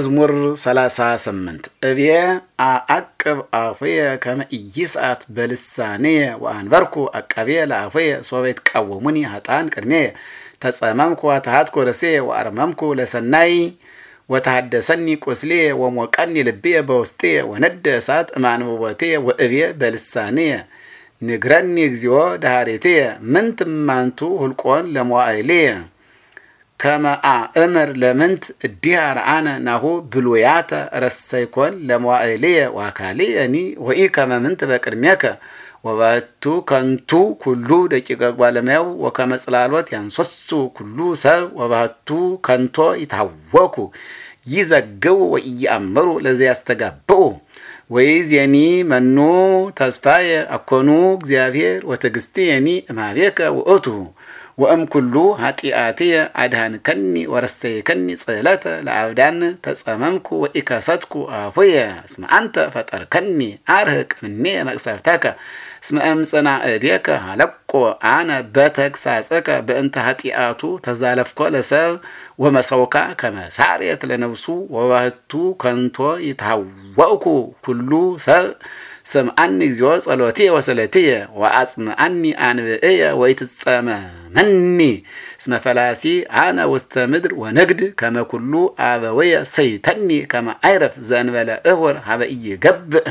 መዝሙር 38 እብየ አቅብ አፉየ ከመ ኢይስዓት በልሳኔ ወአንበርኩ አቃቤ ለአፉየ ሶቤት ቀወሙኒ ኃጥአን ቅድሜየ ተጸመምኩ ወተሃትኩ ርእስየ ወአርመምኩ ለሰናይ ወተሃደሰኒ ቁስልየ ወሞቀኒ ልብየ በውስጥየ ወነደ እሳት እማንበቦትየ ወእብየ በልሳኔ ንግረኒ እግዚኦ ዳሃሬትየ ምንትማንቱ ሁልቆን ለመዋእልየ ከመአ እምር ለምንት እዲሃ አነ ናሁ ብሉያተ ረሰይኮን ለመዋእልየ ዋካልየኒ ወኢ ከመ ምንት በቅድሜከ ወበቱ ከንቱ ኩሉ ደቂቀ ጓለመያው ወከመጽላሎት ያንሶሱ ኩሉ ሰብ ወበቱ ከንቶ ይታወኩ ይዘግቡ ወኢያምሩ ለዚ ያስተጋብኡ ዜኒ መኑ ተስፋየ አኮኑ እግዚአብሔር የኒ እማቤከ ውእቱ ወእም ኩሉ አድሃን ከኒ አድሃንከኒ ወረሰይከኒ ጽለተ ለአብዳን ተጸመምኩ ወኢከሰትኩ አፉየ እስመ አንተ ፈጠርከኒ አርህቅኒ መቅሰፍተከ እስመ እምጽና እዴከ አለቆ አነ በተግሳጸከ በእንተ ሀጢአቱ ተዛለፍኮ ለሰብ ወመሰውካ ከመሳርየት ለነብሱ ወባህቱ ከንቶ ይትሃወእኩ ኩሉ ሰብ ሰምአኒ እግዚኦ ጸሎትየ ወሰለትየ ወአጽምአኒ አንብእየ ወይትጸመመኒ እስመ ፈላሲ አነ ውስተ ምድር ወነግድ ከመ ኩሉ አበወየ ሰይተኒ ከመ አይረፍ ዘእንበለ እሁር ሀበ ኢይገብእ